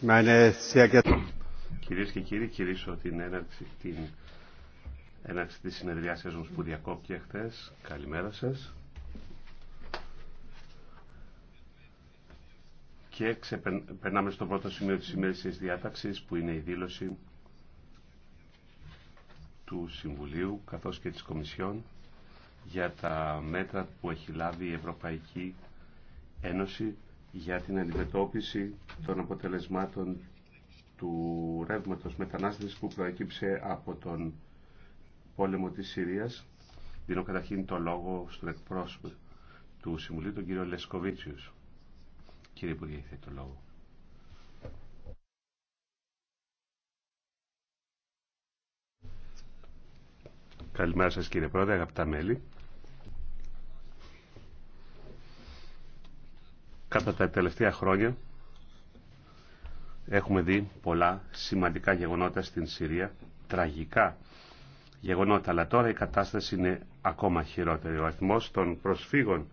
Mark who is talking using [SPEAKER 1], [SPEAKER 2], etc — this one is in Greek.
[SPEAKER 1] Κυρίε και κύριοι, κηρύσω την έναρξη, την έναρξη της συνεδριάσεως μας που διακόπτει χθες. Καλημέρα σας. Και περνάμε στο πρώτο σημείο της τη διάταξης που είναι η δήλωση του Συμβουλίου καθώς και της Κομισιόν για τα μέτρα που έχει λάβει η Ευρωπαϊκή Ένωση για την αντιμετώπιση των αποτελεσμάτων του ρεύματος μετανάστευσης που προέκυψε από τον πόλεμο της Συρίας. Δίνω καταρχήν το λόγο στον εκπρόσωπο του Συμβουλίου, τον κύριο Λεσκοβίτσιους. Κύριε Υπουργέ, έχετε το λόγο. Καλημέρα σας κύριε Πρόεδρε, αγαπητά μέλη. Κατά τα τελευταία χρόνια έχουμε δει πολλά σημαντικά γεγονότα στην Συρία, τραγικά γεγονότα, αλλά τώρα η κατάσταση είναι ακόμα χειρότερη. Ο αριθμός των προσφύγων